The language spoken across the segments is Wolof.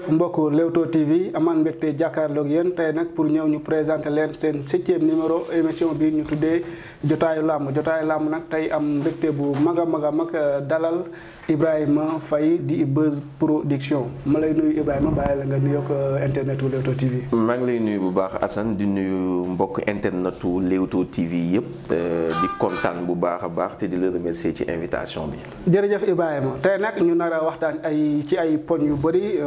jërëjëf mbokk Leewtoo TV amaan mbégte jàkkaarloog yéen tey nag pour ñëw ñu présenter leen seen septième numéro émission bi ñu tuddee jotaayu làmb jotaayu làmb nag tey am mbégte bu mag a mag a mag euh, dalal Ibrahima fay di Buzz Production ma lay nuyu Ibrahima bàyyi la nga nuyoog euh, internet wu Leewtoo lay nuyu bu baax Assane di nuyu mbokk internet wu Leewtoo TV yëpp euh, di kontaan bu baax a baax te di la ci invitation bi. jërëjëf Ibrahima tey nag ñu nar waxtaan ay ci ay poñ yu bëri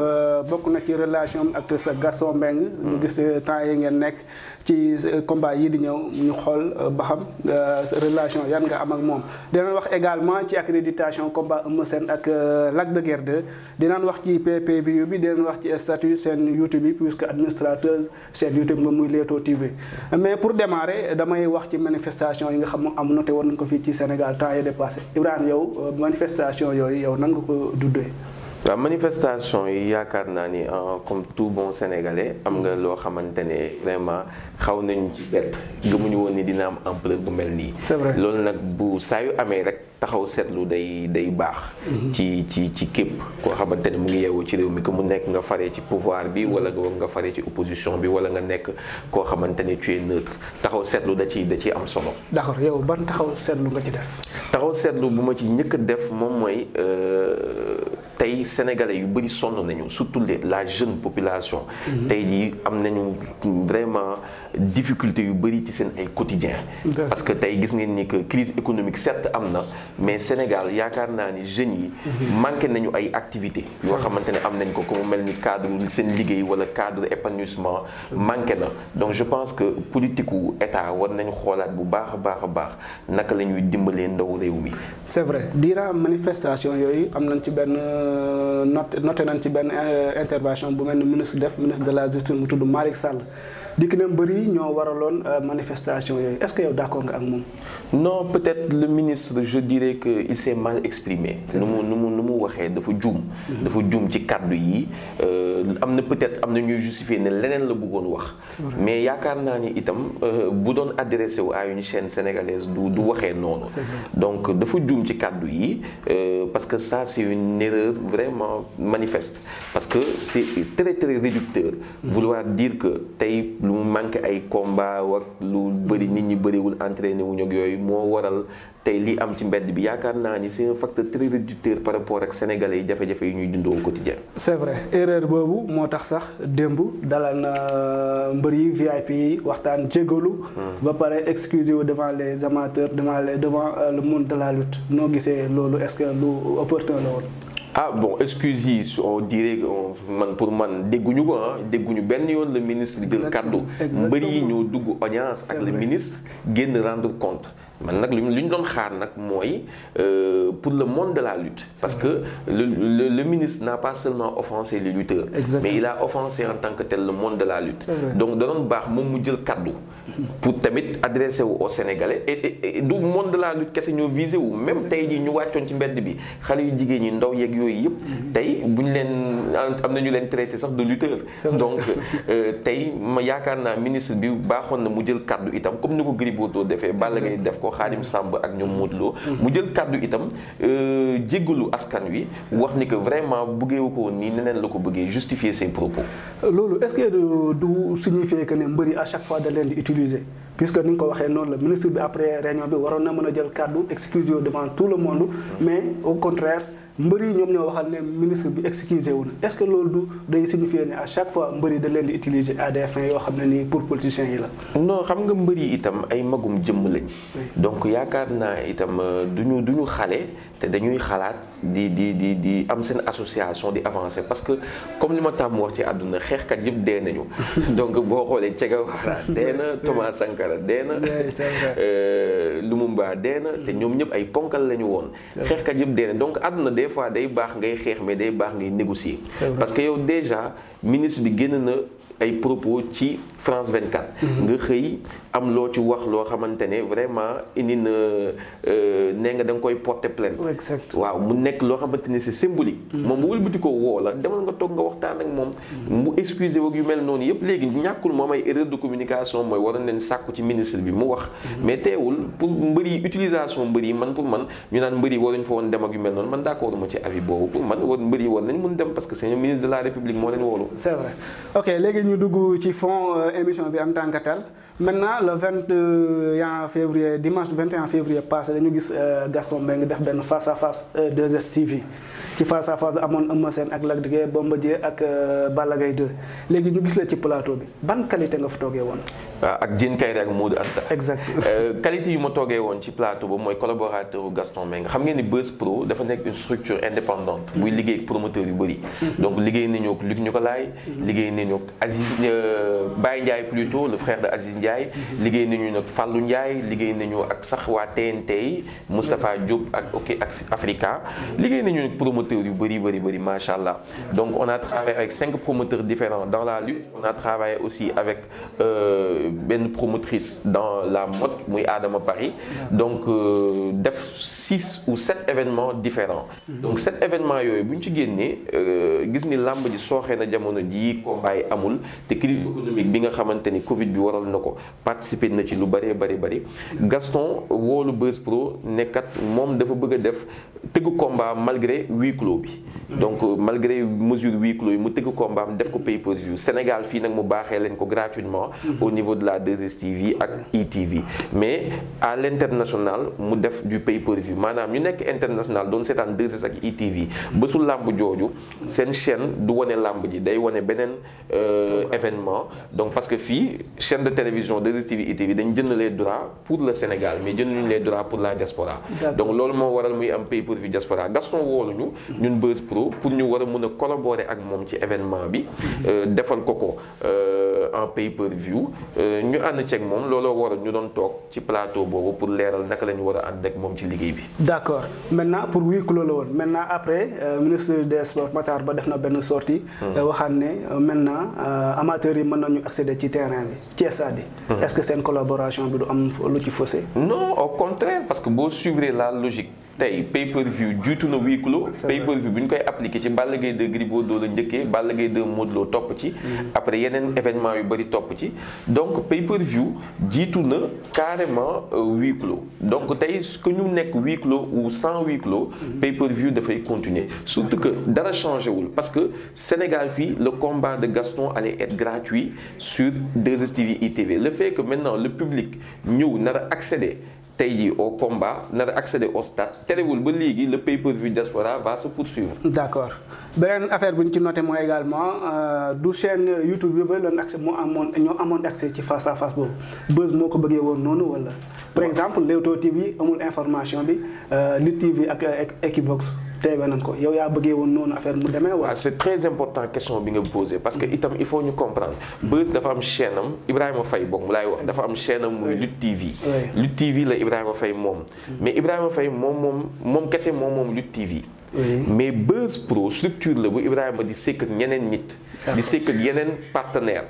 bokk na ci relation ak sa Gaston Mbengue. ñu gis temps yi ngeen nekk. ci euh, combat yi di ñëw ñu xool euh, ba xam euh, relation yan nga am ak moom. dinañ wax également ci accréditation combat Eumeu Sène ak Lac de Guiers 2 dinañ wax ci PPV bi dinañ wax ci statut seen YouTube bi puisque administrateur seen YouTube moom muy Leewtoo TV mais pour démarrer damay wax ci manifestation yi nga xam moom am na te war nañ ko fii ci Sénégal temps yi dépassé Ibrahima yow manifestation yooyu yow nan nga ko duddee. waaw manifestation yi yaakaar naa ni euh, comme tout bon sénégalais am nga loo xamante ne vraiment xaw nañu ci bett gëmuñu woon ni dina am ampleur bu mel nii. vrai loolu nag bu saa yu amee rek. taxaw seetlu day day baax. Mhm. ci ci ci képp koo xamante ne mu ngi yeewoo ci réew mi que mu nekk nga faree ci pouvoir bi wala nga faree ci opposition bi wala nga nekk koo xamante ne tu es neutre taxaw seetlu da ci da ciy am solo. d'accord yow ban taxaw seetlu nga ci def. taxaw seetlu bu ma ci njëkk a def moom mooy euh, tey sénégale yu bëri sonn nañu surtout la jeune population. Mhm. tey jii am nañu vraiment. difficulté yu bëri ci seen ay quotidien parce que tey gis ngeen ni que crise économique certes am na mais Sénégal yaakaar naa ni jeunes yi mhm. manqué nañu ay activité yoo xamante ne am nañ ko comme mel ni cadre seen liggéey wala cadre épanouissement manqué na donc je pense que politique wu état war nañu xoolaat bu baax a baax a baax naka la ñuy dimbalee ndaw réew mi c'est vrai dira manifestation yooyu am nañ ci benn euh, noté nañ ci benn euh, intervention bu mel ni ministre def ministre la justice mu tudd Malick Sall dikk na mbër ñoo waraloon euh, manifestation yooyu est-ce que yow d'accord nga ak moom. non peut-être le ministre je dirais que il s'est mal exprimé. Mm-hmm. nu mu nu mu nu mu waxee dafa juum. Mm-hmm. dafa juum ci kàddu yi euh, am na peut-être am na ñuy justifier ne leneen la bëggoon wax. mais yaakaar naa ni itam euh, bu doon adressé wu à une chaîne sénégalaise du du waxee noonu. donc dafa juum ci kàddu yi parce que ça c'est une erreur vraiment manifeste parce que c'est très très réducteur. Mm-hmm. vouloir lu mu manqué ay combat wak lu bëri nit ñi bëriwul entraîné wuñ ak yooyu moo waral tey lii am ci mbedd bi yaakaar naa ni c'est un facteur très réducteur par rapport ak sénégale yi jafe-jafe yi ñuy dundoo au quotidien c'est vrai erreur boobu moo tax sax démb dalal na euh, mbër yi VIP yi waxtaan jégalu. Hmm. ba pare excuse wu devant les amateurs devant les devant euh, le monde de la noo gisee loolu est-ce lu opportun la woon. ah bon excuse yi on dirait man pour man dégguñu ko ah dégguñu benn yoon le ministre jël kàddu mbër yi ñoo dugg audience ak le ministre génn rendre compte man nag lu ñu doon xaar nag mooy euh, pour le monde de la lutte parce que le, le, le ministre n'a pas seulement offensé les lutteurs Exactement. mais il a offensé en tant que tel le monde de la lutte donc da doon baax moom mu jël kàddu pour tamit adressé wu au Sénégalais et, et du monde de la lutte kese ñoo visé wu même tey ñu wàccoon ci mbedd bi xale yu jigéen ñi ndaw yeeg yooyu yëpp. Mhm. tey bu ñu leen am na ñu leen traité sax de lutteur. donc euh, tey ma yaakaar naa ministre bi baaxoon na mu jël kàddu itam comme ni ko Gris Bordeaux defee. Balla Gaye def ko Khadim Samb ak ñoom Modou Lo. Mhm. mu jël kàddu itam euh, jéggalu askan wi. wax ni que vraiment bëggee wu ko woon nii neneen la ko bëggee justifier ses propos. Euh, loolu est du signifier que ne mbëri chaque fois da leen di utiliser ni nga ko waxee noonu la ministre bi après réunion bi waroon na mën a jël kàddu excuse devant tout le monde mm. mais au contraire mbër ñoom ñoo waxal ne ministre bi excusé wu na est-ce que loolu du signifier ne à chaque fois mbër yi di utiliser à des yoo xam ne nii pour politiciens yi la. non xam nga mbër itam ay magum jëmm lañ. donc yaakaar naa itam euh, du ñu xale te dañuy xalaat di di di di am seen association di avancé parce que comme li ma tàmm wax ci àdduna xeexkat yëpp dee nañu. donc boo xoolee Che Guevara dee na Thomas Sankara dee na. lu mu euh, Lumumba dee na te ñoom ñëpp ay ponkal la ñu woon. xeexkat yëpp dee na donc àdduna des fois day baax ngay xeex mais day baax ngay négocier. parce que yow déjà ministre bi génn na. ay propos ci France 24. Mhm. nga xëy am loo ci wax loo xamante ne vraiment indi na euh, nee nga da koy porter plainte. exact waaw mu nekk loo xamante ne c'est symbolique. Mhm. moom bu wëlbati ko woo la demal nga toog nga waxtaan ak moom. Mhm. mu excuser woog yu mel noonu yëpp léegi ñàkkul moom ay erreur de communication mooy waroon leen sàkku ci ministre bi mu wax. mais teewul pour mbëri utilisation mbëri man pour man ñu naan mbëri waruñ fa woon dem ak yu mel noonu man d'accord ma ci man war mbëri war nañ mun dem parce que la République moo leen woolu. ñu dugg ci fond euh, émission bi en tant que tel maintenant le vingt un février dimanche vingt et un février passé dañu gis euh, Gaston Mbengue def benn face à face 2STV. Euh, ci face à face bi amoon Eumeu Sène ak Lac de Guiers Bombardier ak euh, Balla Gaye léegi ñu gis la ci plateau bi ban qualité nga fa toogee woon. Ah, ak Diène Kaïré ak Modou Anta. exact euh, qualité yu ma toogee woon ci plateau ba mooy collaborateur Gaston nga xam ngeen ni Buzz Pro dafa nekk une structure indépendante. Mm-hmm. buy liggéey ak promoteur yu bëri. Mm-hmm. donc liggéey nañu ak Luc Nicolaï. Mm-hmm. liggéey nañu ak Aziz euh, Baye Ndiaye plutôt le frère de Aziz njaay liggéey nañu nag Fallou Ndiaye liggéey nañu ak sax waa TNT yi Moustapha Diop ak OK ak Africa promoteurs yu bëri bëri bëri macha allah donc on a travaillé avec cinq promoteurs différents dans la lutte on a aussi avec euh, benn promotrice dans la mode muy Adama Paris donc euh, def six ou sept événements différents donc sept événements yooyu bu ñu ci génnee euh, gis ni làmb ji sooxee na jamono ji combat yi amul te crise économique bi nga xamante ni Covid bi waral na ko participer na ci lu bëree bëri bëri Gaston woolu Buzz Pro nekkat moom dafa bëgg def tëgg combat malgré huis clos bi. donc euh, malgré mesure huis clos yi mu tëgg combat am def ko pay per view Sénégal fii nag mu baaxee leen ko gratuitement. Mhm. au niveau de la 2 ak ITV. E mais à l' mu def du pay per view maanaam ñu nekk international doon seetaan 2S ak ITV e bésu làmb jooju seen chaîne du wane làmb ji day wane beneen euh, événement donc parce que fii chaîne de télévision 2STV ITV e dañ jënd les droits pour le Sénégal mais jënduñu les droits pour la diaspora. donc loolu ñun Buzz Pro pour ñu war a mun a collaborer ak moom ci événement bi euh, defal ko ko euh, en pay per view euh, ñu ànd ceeg moom looloo waral ñu doon toog ci plateau boobu pour leeral naka la ñu war a ànd ak moom ci liggéey bi. d' accord maintenant pour huis clos la woon maintenant après ministre des sports Ba def na benn sortie hmm. waxaat ne maintenant amateurs yi mën nañu accéder ci terrain bi ci stade bi. Hmm. est ce seen collaboration bi du am lu ci faussé. non au contraire parce que bo suivre la logique. tey pay per view jiitu na huis clos pay per bu ñu koy appliqué ci Balla Gaye 2 Gris Bordeaux la njëkkee Balla Gaye 2 Modou topp ci mm. après yeneen événement yu bëri topp ci donc pay per view jiitu na carrément euh, huis clos donc tey que ñu nekk huis clos ou sans huis clos mm. pay per view dafay continuer surtout que dara changé wul parce que Sénégal fii le combat de Gaston allait être gratuit sur 2STV ITV le fait que maintenant le public ñëw nar a accéder tey jii o combat nar a accéder au stade terewul ba léegi le pay-per-view diaspora va se poursuivre. d'accord beneen affaire bu ñu ci noté mooy également euh, du chaîne YouTube yu bëri doon accès moo amoon ñoo amoon accès ci face à face boobu buzz moo ko bëggee woon noonu wala. par exemple Leewtoo TV amul information bi euh, Lutte TV ak Equivox. teewee nañ ko yow yaa bëggee woon noonu affaire mu demee waaw ah, c'est très important question bi nga posé parce que mm-hmm. itam il faut ñu comprendre Beuz dafa am chaîne am Ibrahima Faye boog mu laay wax dafa am chaîne am muy Lutte TV Lutte TV la Ibrahima Faye moom mm-hmm. mais Ibrahima Faye moom moom moom kese moom moom Lutte TV mais Beuz Pro structure la bu Ibrahima di sekk ak ñeneen nit di sekk ak yeneen partenaire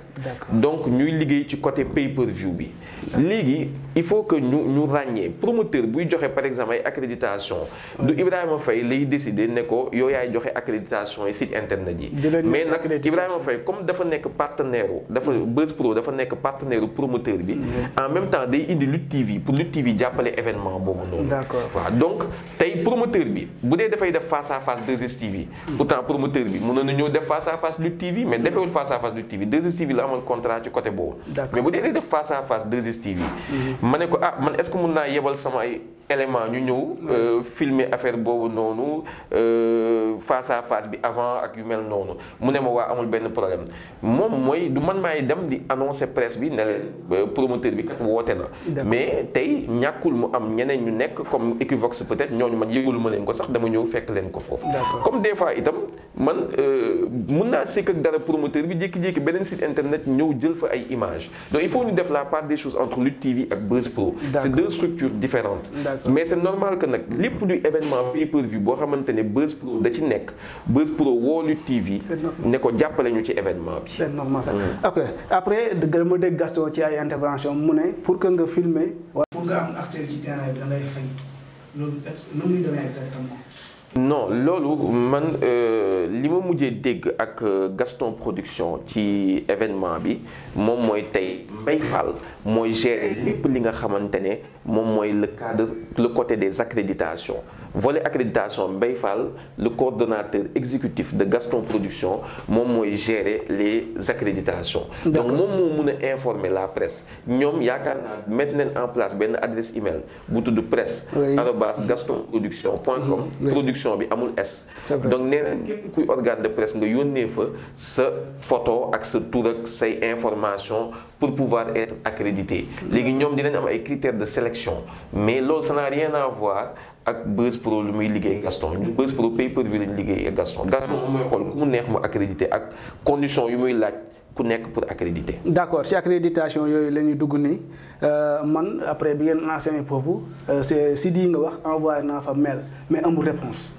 donc ñuy liggéey ci côté pay per view bi léegi il faut que ñu ñu ràññee promoteur buy joxe par exemple ay accréditation du Ibrahima fay lay décider ne ko yow yaay joxe accréditation yi site internet yi mais nag Ibrahima fay comme dafa nekk partenaire dafa Buzz Pro dafa nekk partenaire promoteur bi en même temps day indi Lutte TV pour Lutte TV jàppale événement boobu noonu waaw donc tey promoteur bi bu dee dafay def face à face 2STV pourtant hmm. promoteur bi TV mais defewul face à face du TV 2STV la amoon contrat ci côté boobu. mais bu dee day def face à face 2STV. Mhm. ma ne ko ah man est-ce que mun naa yebal sama ay ñu ñëw euh, filmer affaire boobu noonu euh, face à face bi avant ak yu mel noonu mu ne ma waa amul benn problème moom mooy du man maay dem di annoncer presse bi ne leen euh, promoteur bi kat woote na. mais tey ñàkkul mu am ñeneen ñu nekk comme Equivox peut-être ñooñu man yëgul ma leen ko sax dama ñëw fekk leen ko foofu. comme des fois itam. man euh, mun naa sekk ak dara promoteur bi jékki-jékki beneen site internet ñëw jël fa ay image donc il faut ñu def la part des choses entre Lutte TV ak Buzz Pro. c'est deux structures différentes mais c'est normal que nag lépp luy événement pay-per-view boo xamante ne Buzz Pro da ci nekk Buzz Pro woo Lutte TV. ne ko jàppale ñu ci événement bi. c'est normal ça mm. ok après dama dégg Gaston ci ay intervention mu ne pour que nga filmer. pour nga am accès ci terrain bi da ngay no loolu man euh, li ma mujjee dégg ak euh, Gaston Production ci événement bi moom mooy tey Mbaye Fall mooy gérer lépp li nga xamante ne moom mooy le cadre le côté des accréditations volet accréditation Mbaye Fall le ordonateur exécutif de Gaston Production moom mooy gérer les accréditations donc moom moo mun a informer la presse ñoom yaakaar naa mettre nañ en place benn adresse email bu de presse arobas gaston production point com production bi amul S donc nee kuy organe de presse nga yónnee fa sa photo ak sa tur ak say information pour pouvoir être accrédité léegi ñoom dinañ am ay critères de sélection mais loolu ça n'a rien à ak Buzz Pro lu muy liggéey Gaston ñu Buzz Pro pay per view lañu liggéey ak Gaston Gaston mooy xool ku mu neex mu accrédité ak condition yu muy laaj ku nekk pour accréditer. d' accord ci accréditation yooyu la ñuy dugg nii euh, man après bi ngeen enseigné foofu euh, c' est si di nga wax envoyé naa fa mel mais amul réponse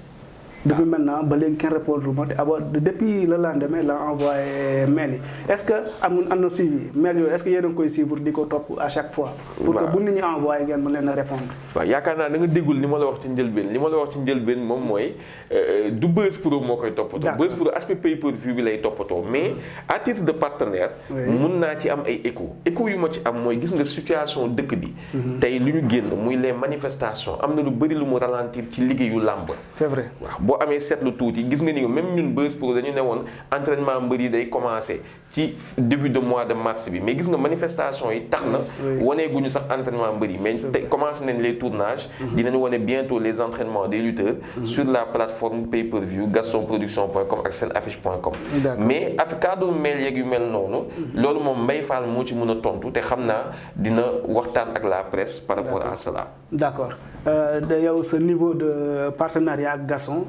depuis maintenant ba léegi kenn répondre ma te avant depuis le lendemain la envoyé mail yi est-ce que amun am na ko topp à chaque fois pour que bu ngeen mën leen a répondre yaakaar naa da nga déggul li ma la wax ci njëlbeen li ma la wax ci njëlbeen moom mooy euh, euh, du moo koy toppatoo Buzz pour aspect pay-per-view bi lay toppatoo mais à de partenaire mun naa ci am ay écho écho yu ma ci am mooy gis nga situation dëkk bi mhm. tey lu ñu génn muy les manifestations am na lu bëri lu mu ralentir ci liggéeyu làmb c'est vrai boo amee seetlu tuuti gis nga ni même ñun bés pour dañu ne woon entraînement mbër yi day commencé ci début de mois de mars bi mais gis nga manifestation yi tax na waneeguñu sax entraînement mbëri mais te commencé nañ les tournages mhm. dinañ wane bientôt les entraînements des lutteurs mhm. sur la plateforme pay-per-view gastonproduction.com ak seen affiche.com mais af cadre mail yeeg yu mel noonu mhm. loolu moom mbay Fall moo ci mën a tontu te xam naa dina waxtaan ak la presse par rapport à cela d'accord euh, yow sa niveau de partenariat ak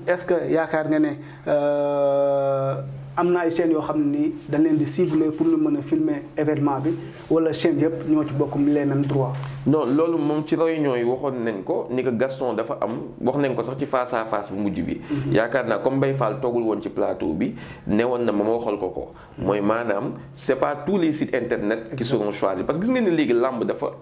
est-ce que yaakaar nga ne euh, am na ay chaînes yoo xam ne ni dañ leen di ciblé pour ñu mën a filmer événement bi wala chaîne yëpp ñoo ci bokk les mêmes droits. no loolu moom ci réunion yi waxoon nañ ko ni ko Gaston dafa am wax nañ ko sax ci face à face bu mujj bi. Mhm. yaakaar naa comme bay Fall toogul woon ci plateau bi newoon na ma ma waxal ko ko. Mhm. mooy maanaam c'est pas tous les sites internet qui seront choisis parce que gis ngeen ne léegi làmb dafa.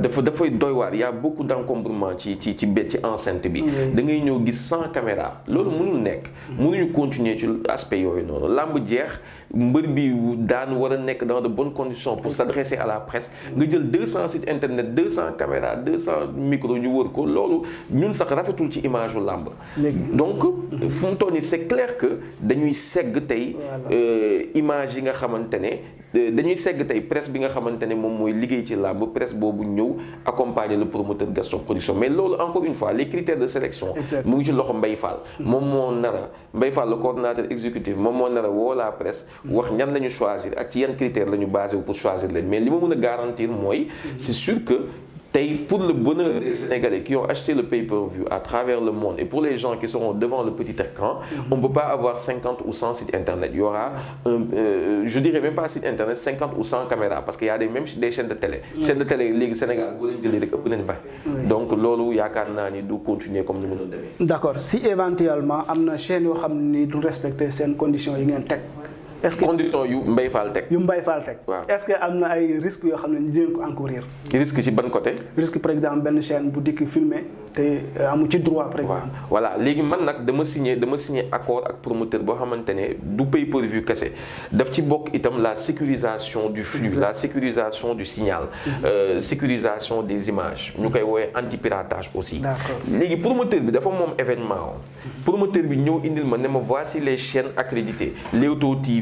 dafa dafay doy waar yaa a beaucoup d'encombrement ci ci ci ci enceinte bi. da ñëw gis sans caméra loolu mhm. mënul nekk. mënuñu continuer ci aspect yooyu noonu. làmb jeex mbër bi daan war a nekk dans de bonnes conditions pour s'adresser à la presse nga jël deux cent sites internet deux micro ñu wër ko loolu ñun sax rafetul ci image u làmb donc fu mu toll nii c'est clair que dañuy segg tey euh, image yi nga xamante ne Euh, dañuy segg tey presse bi nga xamante ne moom mooy liggéey ci làmb presse boobu ñëw accompagner le promoteur Gaston Production mais loolu encore une fois les critères de sélection mu ngi ci loxo Mbaye Fall mm-hmm. moom moo nara Mbaye Fall le coordonnateur exécutif moom moo nara woo la presse mm-hmm. wax ñan la ñu choisir ak ci yan critère la ñu basé wu pour choisir leen mais li ma mën a garantir mooy mm-hmm. c'est sûr que tey pour le bonheur des Sénégalais qui ont acheté le pay-per-view à travers le monde et pour les gens qui seront devant le petit écran mhm. on peut pas avoir ou 100 internet il y aura euh, je dirais même pas site internet ou 100 parce que y a des chaînes de télé chaîne de télé léegi Sénégal boo leen donc loolu yaakaar naa ni du continuer comme ni mu doon demee d'accord si éventuellement am na chaîne yoo xam ni du respecter seen conditions yi ngeen teg est-ce que condition yu Mbaye Fall teg. yu mbay Fall teg. waaw est-ce que am na ay risques yoo xam ne ñu dinañ ko encourir. risque ci ban côté. risque par exemple benn chaîne bu dikk filmer te amu ci droit. par exemple waaw léegi man nag dama signé dama signé accord ak promoteur boo xamante ne du pay per view kese daf ci bokk itam la sécurisation du flux. la sécurisation du signal. Mhm. Euh, sécurisation des images. ñu koy woowee anti aussi. d'accord léegi promoteur bi dafa moom événement mhm. promoteur bi ñëw indil ma ne ma voici les chaînes accréditées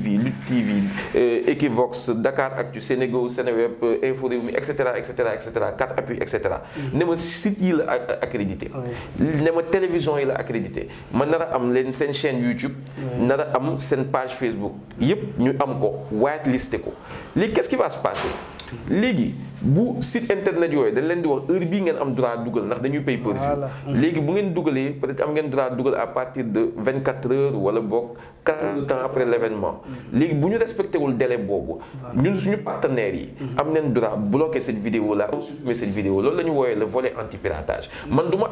TV Lutte TV euh, Equivox Dakar Actu Sénégo Sénéweb euh, Info Rewmi et cetera et cetera et cetera 4 appuis et cetera. Mm-hmm. ne ma site yi la ak accrédité. ne ma télévision yi la accrédité. man nar a am leen seen chaîne YouTube. nar a am seen page Facebook. yëpp ñu am ko white listé ko léegi qu'est-ce qui va se bu site internet yooyu dañ leen di wax heure bii ngeen am droit dugal ndax dañuy pay per view léegi bu ngeen dugalee peut-être am ngeen droit dugal à partir de vingt quatre heures wala boog quatre heures après léegi bu ñu respecté wul délai boobu ñun suñu partenaires yi mhm. am neen droit bloquer cette vidéo là ou cette vidéo loolu la ñu wooyee le volet anti piratage man du ma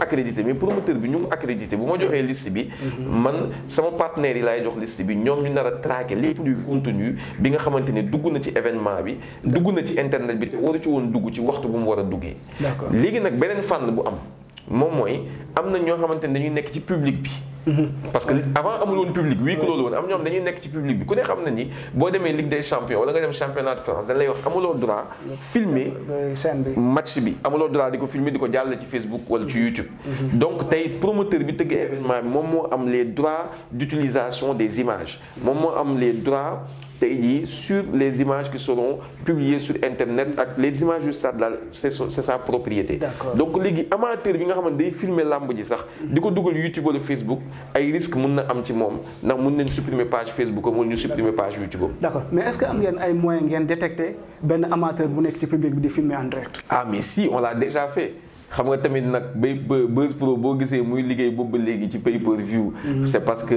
mais promoteur bi ñu ngi accrédité bu ma joxee liste bi mhm. man sama partenaires yi laay jox liste bi ñoom ñu nar a traquer lépp luy contenu bi nga na ci événement bi dugg na ci internet bi woon dugg ci waxtu bu mu war a duggee. léegi nag beneen fànn bu am moom mooy am na ñoo xamante ne dañuy nekk ci public bi. Mhm. parce que avant amul woon public wii ku loolu woon am ñoom dañuy nekk ci public bi ku ne xam na ni boo demee Ligue des champions wala nga dem championnat de France dañ lay amuloo droit filmer match bi amuloo droit di ko filmer di ko jàllale ci Facebook wala ci YouTube mhm. donc tey promoteur bi tëgg événement bi moom moo am les droits d'utilisation te jii sur les images qui seront publiées sur internet ak les images yu stade daal c'est sa sa propriété donc gi amateur bi nga xamante day filmer làmb ji sax di ko dugal YouTube wala Facebook ay risque mën na am ci moom ndax mën nañ supprimer page Facebook am wala ñu supprimer page YouTube am d'accord mais est-ce que am ngeen ay moyens ngeen détecter benn amateur bu nekk ci public bi di filmer en ah mais si on l'a déjà fait xam nga tamit nag bay Buzz Pro boo gisee muy liggéey boobu ba léegi ci pay per view. Mm-hmm. c'est parce que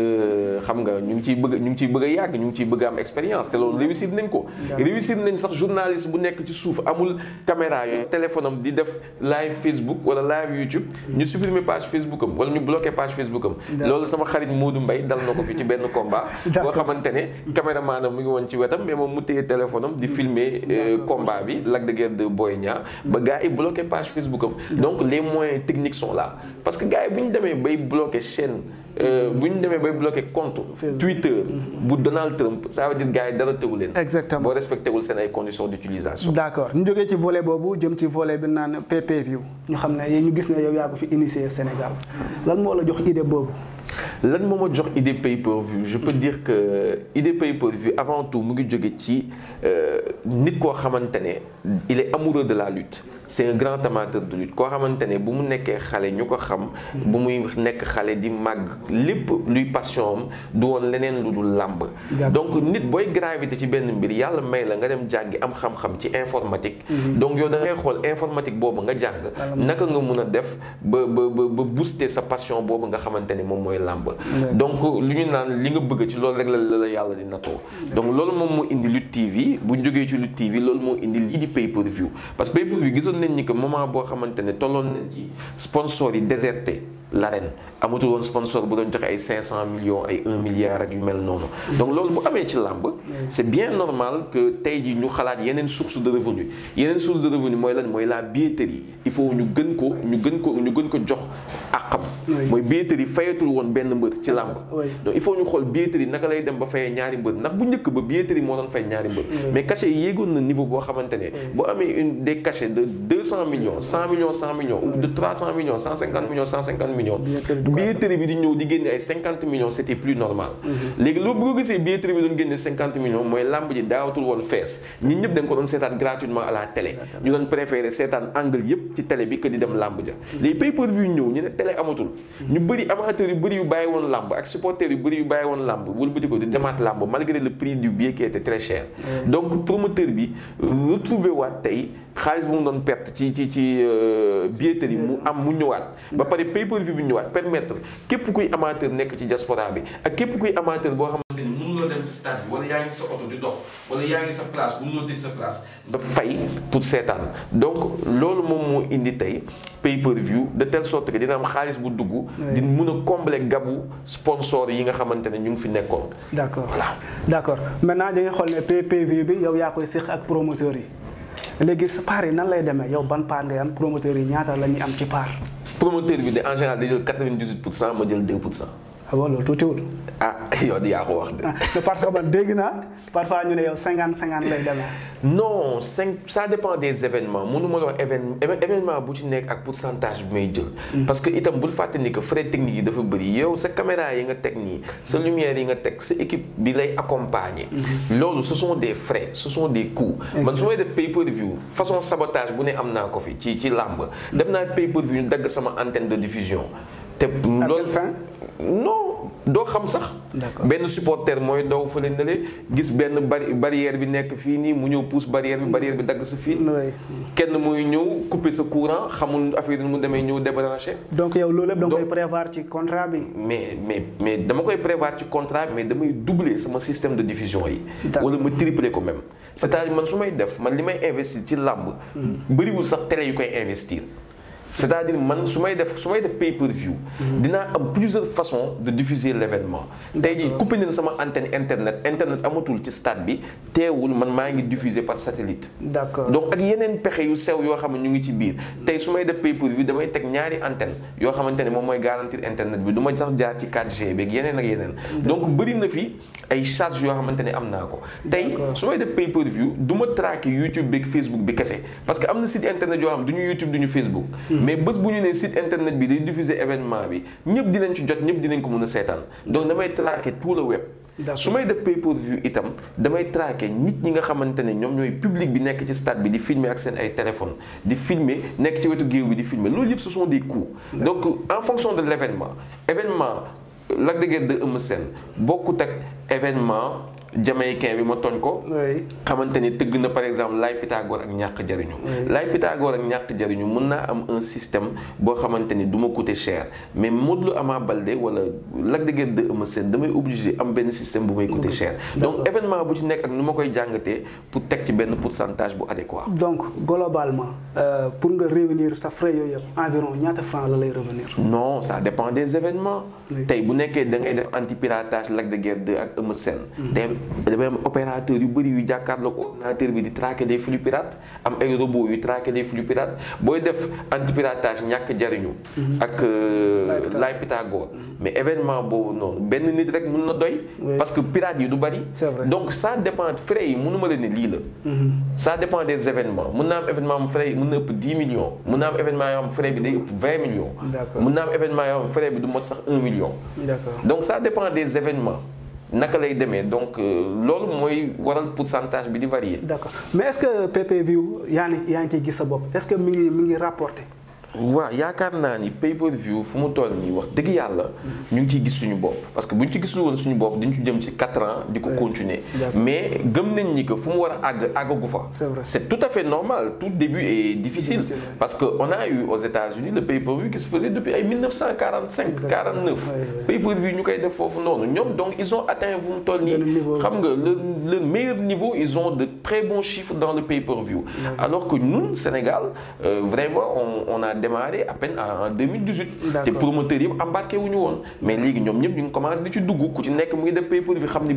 xam nga ñu ngi ciy bëgg ñu ngi ciy bëgg a yàgg ñu ngi ciy bëgg a am expérience te loolu mm-hmm. réussir nañ ko. réussir nañ sax journaliste bu nekk ci suuf amul caméra yooyu téléphone di def live Facebook wala live YouTube. Mm-hmm. ñu supprimer page Facebook am wala ñu bloquer page Facebook am. loolu sama xarit Modou Mbaye dal na ko fi ci benn combat. boo xamante ne caméraman am mu ngi woon ci wetam mais moom mu téye téléphone di filmer euh, combat bi Lac de Guiers de Boy Niang ba gars yi bloquer page Facebook am. donc les moyens techniques sont là parce que gars bu ñu demee bay bloquer chaîne euh, bu ñu demee bay bloquer compte Twitter mhm. bu Donald Trump ça veut dire gars yi dara tegu leen. exactement boo respecté wul seen ay conditions d' utilisation. d' accord ñu jógee ci volet boobu jëm ci volet bi naan PPV ñu xam ne ñu gis ne yow yaa ko fi initié Sénégal lan moo la jox idée boobu. lan moo ma jox idée pay per view je peux dire que idée pay per view avant tout mu ngi jóge ci euh, nit koo xamante ne il est de la lutte. c'est un grand amateur de lutte koo xamante ne bu mu nekkee xale ñu ko xam. bu muy nekk xale di màgg lépp luy passion am du woon leneen lu dul làmb. donc nit booy gravité ci benn mbir yàlla may la nga dem jàngi am xam-xam ci informatique. Mhm. donc yow da ngay xool informatique boobu nga jàng. naka nga mun a def ba ba ba sa passion boobu nga xamante ne moom mooy làmb. donc lu ñu naan li nga bëgg ci loolu rek la la yàlla di natoo. donc loolu moom moo indi Lutte TV bu jógee ci Lutte TV loolu moo indi lii di pay view parce que pay per view gisoon nañ ni que moment boo xamante ne tolloon nañ ci sponsor yi déserté. l'arène amatul woon sponsor bu doon joxe ay 500 millions ay 1 milliard ak yu mel noonu. donc loolu bu amee ci làmb. c'est bien normal que tey jii ñu xalaat yeneen source de revenu yeneen source de revenu mooy lan mooy la billetterie il faut ñu gën ko ñu gën ko ñu gën ko jox àqam. mooy billetterie woon benn mbër ci làmb. il faut ñu xool billetterie naka lay dem ba fayee ñaari mbër ndax bu njëkk ba billetterie moo doon fay ñaari mbër. mais millions. billetterie bi di ñëw di génne ay millions c' plus normal. Mm-hmm. léegi loolu bu ko gisee billetterie bi doon génne millions mooy làmb ji daawatul woon fees ñi ñëpp dañ ko doon seetaan gratuitement à la ñu doon préféré seetaan angle yëpp ci télé bi que di dem làmb ja. Mm-hmm. les pay per view ñëw ñu ne amatul. Mm-hmm. ñu bëri amateurs yu bëri yu bàyyi woon làmb ak supporters yu bëri yu bàyyi woon làmb wëlbati ko di demaat làmb malgré le prix du billet qui était xaalis bu mu doon perte ci ci ci euh, billetterie mu am mu ñëwaat ba pare pay per view bu ñëwaat permettre képp kuy amateur nekk ci diaspora bi ak képp kuy amateur boo xamante ni mënuloo dem ci stade bi wala yaa ngi sa oto di dox wala yaa ngi sa place mënuloo tëj sa place nga fay pour seetaan donc loolu moom moo indi tey pay per view de telle sorte que dina am xaalis bu dugg di mun a combler gabu sponsor yi nga xamante ne ñu ngi fi nekkoon d' accord voilà d' accord maintenant dañuy xool ne pay bi yow yaa koy séq ak yi léegi sa part yi nan lay demee yow ban part ngay am promoteur yi ñaata la ñuy am ci part. promoteur bi de en général day jël quatre-vingt-dix-huit pour cent ma jël deux pour cent. ah loolu tuutiwul. ah yow yaa ko wax de. que ah, man dégg naa parfois ñu ne yow cinquante cinquante lay demee. cinq ça dépend des événements mënu ma la wax événement bu ci nekk ak pourcentage bi may jël. Mm. parce que itam bul fàtte ni que frais technique yi dafa bëri yow sa caméra yi nga teg nii sa lumière yi nga teg sa équipe bi lay accompagner. Mm-hmm. loolu ce sont des frais ce sont des coûts. man su may def pay per view façon sabotage bu ne am naa ko fi ci ci làmb. def naa pay per view ñu dagg sama antenne de diffusion. te loolu doo xam sax. benn supporter mooy daw fële na le gis benn bari barrière bi nekk fii nii mu ñëw pouse barrière bi barrière bi dagg sa fil. kenn mooy ñëw couper sa courant xamul affaire yi mu demee ñëw débranché. donc yow loolu lépp da nga koy prévoir ci contrat bi. mais mais mais dama koy prévoir ci contrat bi mais damay doubler sama système de diffusion yi. wala ma tripler ko même. cest à man su may def man li may investir ci làmb. Hmm. bëriwul sax télé yu koy investir. c'est-à-dire man su may def su def pay per view. dinaa am plusieurs façons de diffuser l'événement. tey jii coupé nañ sama antenne internet internet amatul ci stade bi teewul man maa ngi diffuser par satellite. d'accord donc ak yeneen pexe yu sew yoo xam ne ñu ngi ci biir tey su may def pay per view damay teg ñaari antenne yoo xamante ne moom mooy garantir internet bi du ma sax jaar ci 4G beeg yeneen ak yeneen. donc bëri na fi ay charge yoo xamante ne am naa ko. tey su may def pay per view ma traquer YouTube beeg Facebook kese parce que am na site internet yoo xam du ñu YouTube du ñu Facebook. Mm-hmm. mais bés bu ñu nee site internet bi day diffuser événement bi ñëpp dinañ ci jot ñëpp dinañ ko mën a seetaan donc damay traquer tout le web. su may def pay per view itam damay traqué nit ñi nga xamante ne ñoom ñooy public bi nekk ci stade bi di filmer ak seen ay téléphone di filmer nekk ci wetu géew bi di filmer loolu yëpp ce sont des coûts donc en fonction de l' événement événement Lac de Guiers 2 Eumeu Sène bokkut ak événement jamaïcain bi ma tooñ ko. xamante ni tëgg na par exemple laay Pythagore ak ñàkk jariñu. laay Pythagore ak ñàkk jariñu mën naa am un système boo xamante ni du ma cher mais Modou Lo Ama Baldé wala Lac de Guiers 2 Eumeu Sène damay obligé am benn système bu may coûter cher. donc événement bu ci nekk ak nu ma koy jàngatee pour teg ci benn pourcentage bu adéquat. donc globalement euh, pour nga revenir sa frais yooyu yëpp environ ñaata franc la lay revenir. non ça dépend des événements. tey bu nekkee da ngay def anti lag Lac de Guiers 2 ak Eumeu Sène. Mm. dafay am opérateur yu bëri yu jàkkaarloog ordinateur bi di traquer les flux pirates am ay robot yu traquer les flux pirates booy def antipiratage ñàkk jariñu mhm. ak euh, laay Pythagore mais événement boobu noonu benn nit rek mun na doy parce que pirates yi du bari donc sa dépend frais yi mënu ma la ne lii la mhm. ça dépend des événements mun naa am événement am frais yi mun na ëpp 10 millions mun naa am événement yoo am frais bi day ëpp 20 millions mun naa am événement des événements naka lay demee donc euh, loolu mooy waral pourcentage bi di varier. d'accord mais est-ce que PPV yaa ngi yaa ngi ciy gis sa bopp est-ce que mi ngi mi ngi rapporté. waaw yaakaar naa ni pay per view fu mu toll nii wax dëgg yàlla. ñu ngi ciy gis suñu bopp parce que bu ñu ci gisul woon suñu bopp dañu ci jëm ci 4 ans di ko continuer. mais gëm nañ ni que fu mu war a àgg àggagu fa. c' tout à fait normal tout début est difficile. parce que on a eu aux États-Unis le pay per view qui se faisait depuis ñoom donc ils ont atteint fu mu toll nii. xam nga le meilleur niveau ils ont de très bons chiffres dans le pay alors que euh, démarré à peine en 2018. te promoteurs yëpp embarqué wu ñu woon. mais léegi ñoom ñëpp ñu ngi commencé di ci dugg ku ci nekk mhm. xam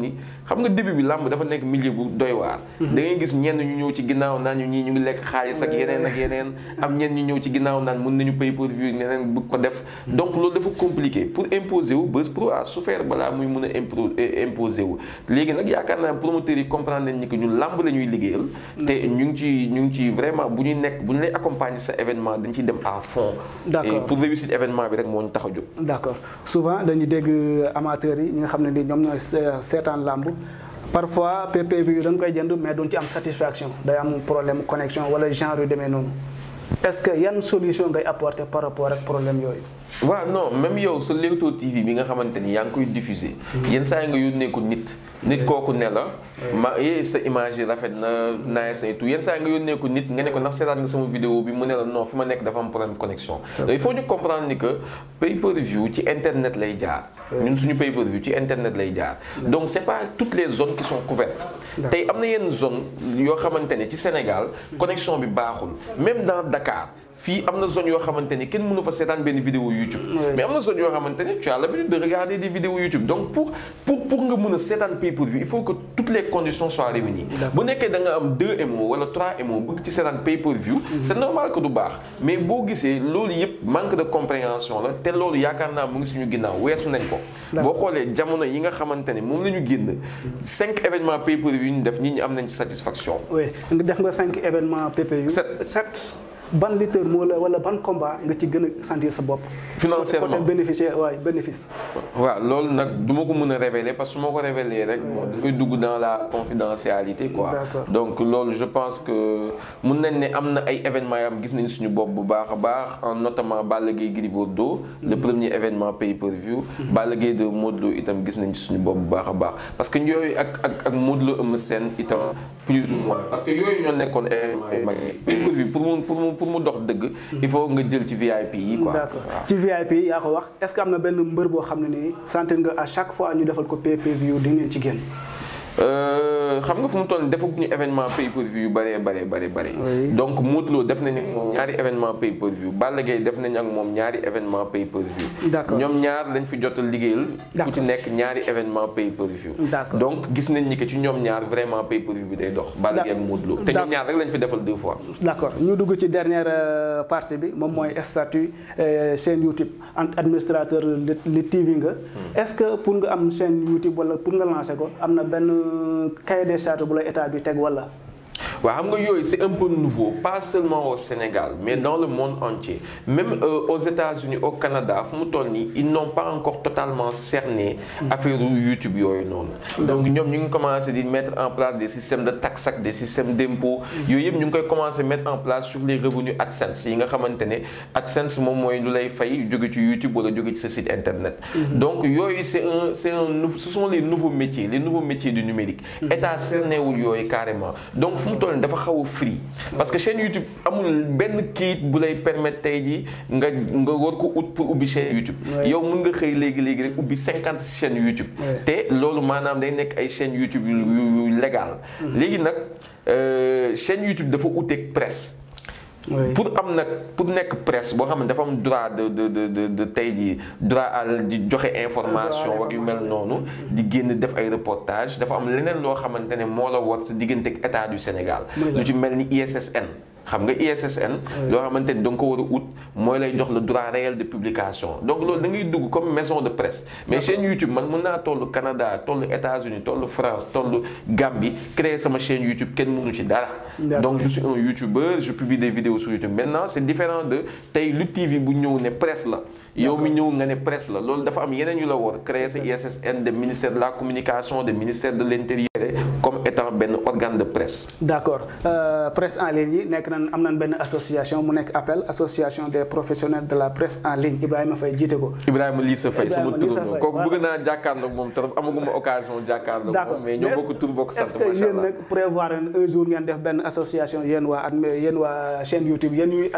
ni xam nga début bi làmb dafa nekk milieu bu doy waar. Mhm. da gis ñenn ñu ñëw ci ginnaaw naan ñu ñii ñu ngi lekk xaalis ak yeneen ak yeneen am ñenn ñu ñëw ci ginnaaw naan mën nañu pay per view ñeneen bu ko def. Mhm. donc loolu dafa compliqué pour imposer Pro a souffert balaa muy mën a euh, imposer léegi nag yaakaar naa promoteur yi comprendre nañ ni que ñun làmb la ñuy liggéeyal. te ñu ngi ci ñu ngi ci vraiment bu ñu nekk bu ñu lay accompagner sa événement dañ ciy dem en fond. d'accord pour réussir événement bi rek moo ñu tax a jóg. d'accord souvent dañuy dégg amateur yi ñi nga xam ne ni ñoom ñooy seetaan làmb. parfois PPV yu dañ koy jënd mais duñ ci am satisfaction day am problème connexion wala genre yu demee noonu est-ce que yan solution ngay apporter par rapport ak problème yooyu. waaw no même yow sa Leewtoo TV bi nga xamante ni yaa ngi koy diffuser hmm. yenn saa yi nga yónnee ko nit nit hmm. kooku ne la hmm. ma yee eh, sa image yi rafet na nice et tout yenn saa yi nga yónnee ko nit nga ne ko ndax seetaan nga sama vidéo bi mu ne la non fi ma nekk dafa am problème connexion donc il faut ñu comprendre ni que pay per view ci internet lay jaar ñun suñu pay per view ci internet lay jaar donc c'est pas toutes les zones qui sont couvertes tey am na yenn zone yoo xamante ne ci Sénégal connexion bi baaxul même dans Dakar fii am na zone yoo xamante ni kenn mënu fa seetaan benn vidéo YouTube. mais am na zone yoo xamante ni tu as l'habitude de regarder des vidéos YouTube donc pour pour nga mën a seetaan pay-per-view il faut que toutes les conditions soient réunies. bu nekkee da am deux MO wala trois MO bëgg ci seetaan pay-per-view. Mhm. c'est normal que du baax mais boo gisee loolu yëpp manque de compréhension la te loolu yaakaar naa mu ngi suñu ginnaaw weesu nañ ko. boo xoolee jamono yi nga xamante ni moom la ñu génn. cinq événements pay-per-view ñu def nit ñi am nañ ci satisfaction. oui def nga cinq événements pay-per-view. ban lutteur moo la wala ban combat nga ci gën a sentir sa bopp. financièrement côté bénéficiaire waay bénéfice. waaw loolu nag du ma ko mën a révéler parce que su ko révéler rek. moom dugg dans la confidentialité quoi. donc loolu je pense que mun nañ ne am na ay événements yoo xam gis nañ suñu bopp bu baax a baax en notamment Balla Gaye Gris Bordeaux le mm-hmm. premier événement pay per view. Mm-hmm. Balla Gaye de Modou Lo itam gis nañ ci suñu bopp bu baax a baax parce que yooyu ak ak ak Modou Lo Eumeu Sène itam. plus ou moins parce que yooyu ñoo nekkoon pour mu pour mu pour mu dox dëgg. il faut nga jël ci VIP yi quoi. d'accord ci VIP yi yaa ko wax est-ce que am na benn mbër boo xam ne nii sentir nga à chaque fois ñu defal ko PPV di ngeen ci génn. Euh, xam nga fu mu toll defaguñu événement pay per view yu bëree bëree bëri bëri. donc Modou Lo def na ak moom ñaari événement pay per view Balla Gaye def nañu moom ñaari événement pay per view. d'accord ñoom ñaar lañ fi jot a liggéeyal. ku ci nekk ñaari événement pay per view. donc gis nañ ni que ci ñoom ñaar vraiment pay per view bi day dox. Balla Gaye ak Modou Lo te ñoom ñaar rek lañ fi defal deux fois. d'accord ñu dugg ci dernière euh, partie bi moom mooy statut euh, chaîne YouTube administrateur li TV nga. Hmm. est-ce que pour nga am chaîne YouTube ko am Euh, cahier des charges bu la état bi teg wala waaw xam nga yooyu c'est un peu nouveau pas seulement au Sénégal mais dans le monde entier même euh, aux États-Unis au Canada fu mu toll nii ils n'ont pas encore totalement cerné affaire YouTube yooyu noonu donc ñoom ñu ngi commencé di mettre en place des systèmes de taxes ak des systèmes d'impôts yooyu yëpp ñu ngi koy commencé mettre en place sur les revenus AdSense yi nga xamante ne AdSense moom mooy lu lay fay jóge ci YouTube wala jóge ci sa site internet mhm. donc yooyu c'est un c'est un ce sont les nouveaux métiers les nouveaux métiers du numérique mhm. état cerné wul yooyu carrément toll dafa xaw a free parce que chaîne YouTube amul benn kiit bu lay permettre tey jii nga nga war ko ut pour ubbi chaîne YouTube. yow mun nga xëy léegi léegi rek ubbi cinquante chaîne YouTube. te loolu maanaam day nekk ay chaîne YouTube yu yu légal. Mm-hmm. léegi nag euh, chaîne YouTube dafa uteeg presse. pour am nag pour nekk presse boo xam ne dafa am droit de de de de tey jii droit à di joxe information ak yu mel noonu. Mm-hmm. di génn def ay reportage dafa am leneen loo xamante ne moo la war sa diggante ak état du Sénégal. lu ci mel ni ISSN. xam nga ISSN. loo xamante ni da ko war a ut mooy lay jox le droit réel de publication donc loolu da ngay dugg comme maison de presse. mais chaîne YouTube man mën naa toll Canada toll États-Unis toll France toll Gambie créer sama chaîne YouTube kenn mënu ci dara. donc je suis un YouTubeur je publie des vidéos sur YouTube maintenant c'est différent de tey Lutte TV bu ñëw ne presse la. yow mi ñëw nga ne presse la loolu dafa am yeneen yu la war créer sa ISSN de ministère de la communication de ministère de l'intérieur comme étant benn organe de presse. d'accord euh, en ligne yi nekk nañ am nañ benn association mu nekk appel association des professionnels de la presse en ligne Ibrahima Faye jiite ko. Ibrahima Lissa Faye sama tur kooku bëgg naa jàkkaarloog moom trop amaguma occasion jàkkaarloog moom. mais ñoo bokk tur bokk sant macha def benn association yéen waa admi yéen waa chaîne YouTube yéen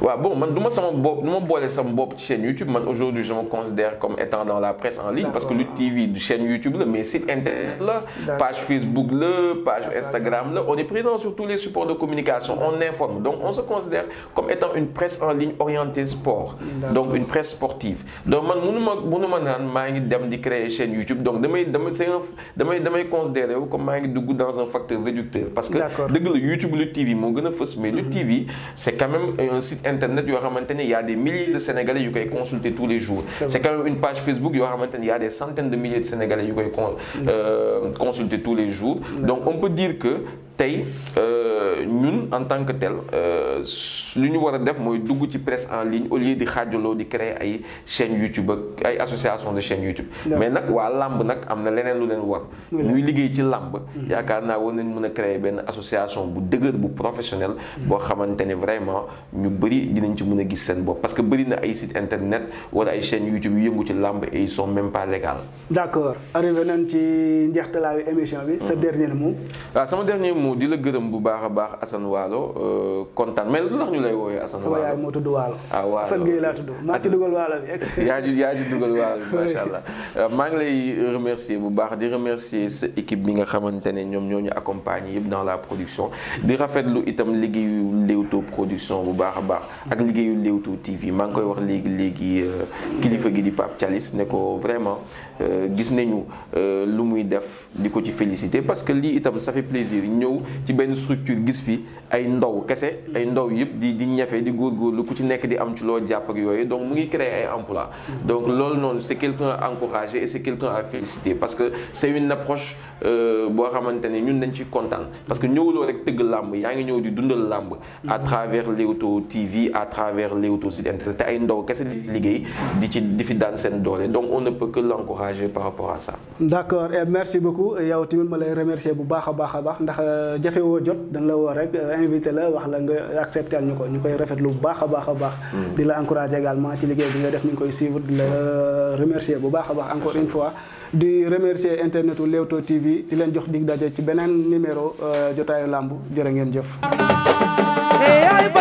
waaw bon man du ma sama m du ma boole sama bopp ci chaîne YouTube man aujourd'hui je me considère comme étant dans la presse en ligne parce que Lutte TV du YouTube la mais site internet la page Facebook la page Instagram la on est présent sur tous les supports de communication on informe donc on se considère comme étant une presse en ligne orientée sport donc une presse sportive donc man mënu ma mënu ma naan maa ngi dem di créer chaîne YouTube donc damay damay c'est un damay damay considéré wu comme maa ngi dugg dans un facteur réducteur que dëgg la YouTube site internet yoo xamante ne y a des milliers de sénégalais yu koy consulter tous les jours. c'est quand même une page Facebook yoo xamante ne y a des centaines de milliers de sénégalais yu koy. Euh, consulter tous les jours. donc on peut dire que. tey euh, ñun en tant que tel euh, li ñu war a def mooy dugg ci presse en ligne au lieu di xaajaloo di créer ay chaîne YouTube ak ay association de chaîne YouTube. mais nag waa làmb nag am na leneen lu leen war. ñuy liggéey ci làmb. Mm. yaakaar naa war nañ mën a créer benn association bu dëgër bu professionnel. Mm. boo xamante ne vraiment ñu bëri dinañ ci mën a gis seen bopp parce que bëri na ay site internet wala ay chaîne YouTube yu yëngu ci làmb et ils sont même pas légales. bi. mu di la gërëm bu baax a baax Assane Waalo euh, kontaan mais lu tax ñu lay woowee Assane Waalo sama yaay moo tudd Waalo ah Waalo Assane Gueye laa tudd maa ci dugal Waalo bi yaa ji dugal Waalo bi euh, maa ngi lay remercier bu baax di remercier sa équipe bi nga xamante ne ñoom ñoo ñu accompagner yëpp dans la production di rafetlu itam liggéeyu Leewtoo production bu baax a baax ak liggéeyu Leewtoo TV maa ngi koy wax léegi léegi euh, kilifa gi di Pape Thialis ne ko vraiment gis ko ci féliciter parce que lii itam ça ñëw ci benn structure gis fi ay ndaw kese ay ndaw yëpp di di ñefe di góorgóorlu ku ci nekk di am ci loo jàpp ak yooyu donc mu ngi créer ay emploi donc loolu noonu c'est quelqu'un à encourager et c'est quelqu'un à féliciter parce que c'est une approche euh, boo xamante ne ñun dañ ci kontaan parce que ñëwuloo rek tëgg làmb yaa ngi ñëw di dundal làmb à travers Leewtoo TV à travers Leewtoo site internet te ay ndaw kese liggéey di ci di fi daan seen doole donc on ne peut que l'encourager par rapport à ça d'accord merci beaucoup yow tamit ma lay a a euh, jafe woo jot dañ la woo rek euh, invité la wax la nga accepté ñu ko ñu koy rafetlu bu baax a baax a baax. Hmm. di la encouragé également ci liggéey bi nga def ñu ngi koy suivre di la euh, remercier bu baax a baax encore une fois. di remercier internetu Leewtoo TV di leen jox dig daje ci beneen numéro euh, jotaayu làmb jërë ngeen jëf.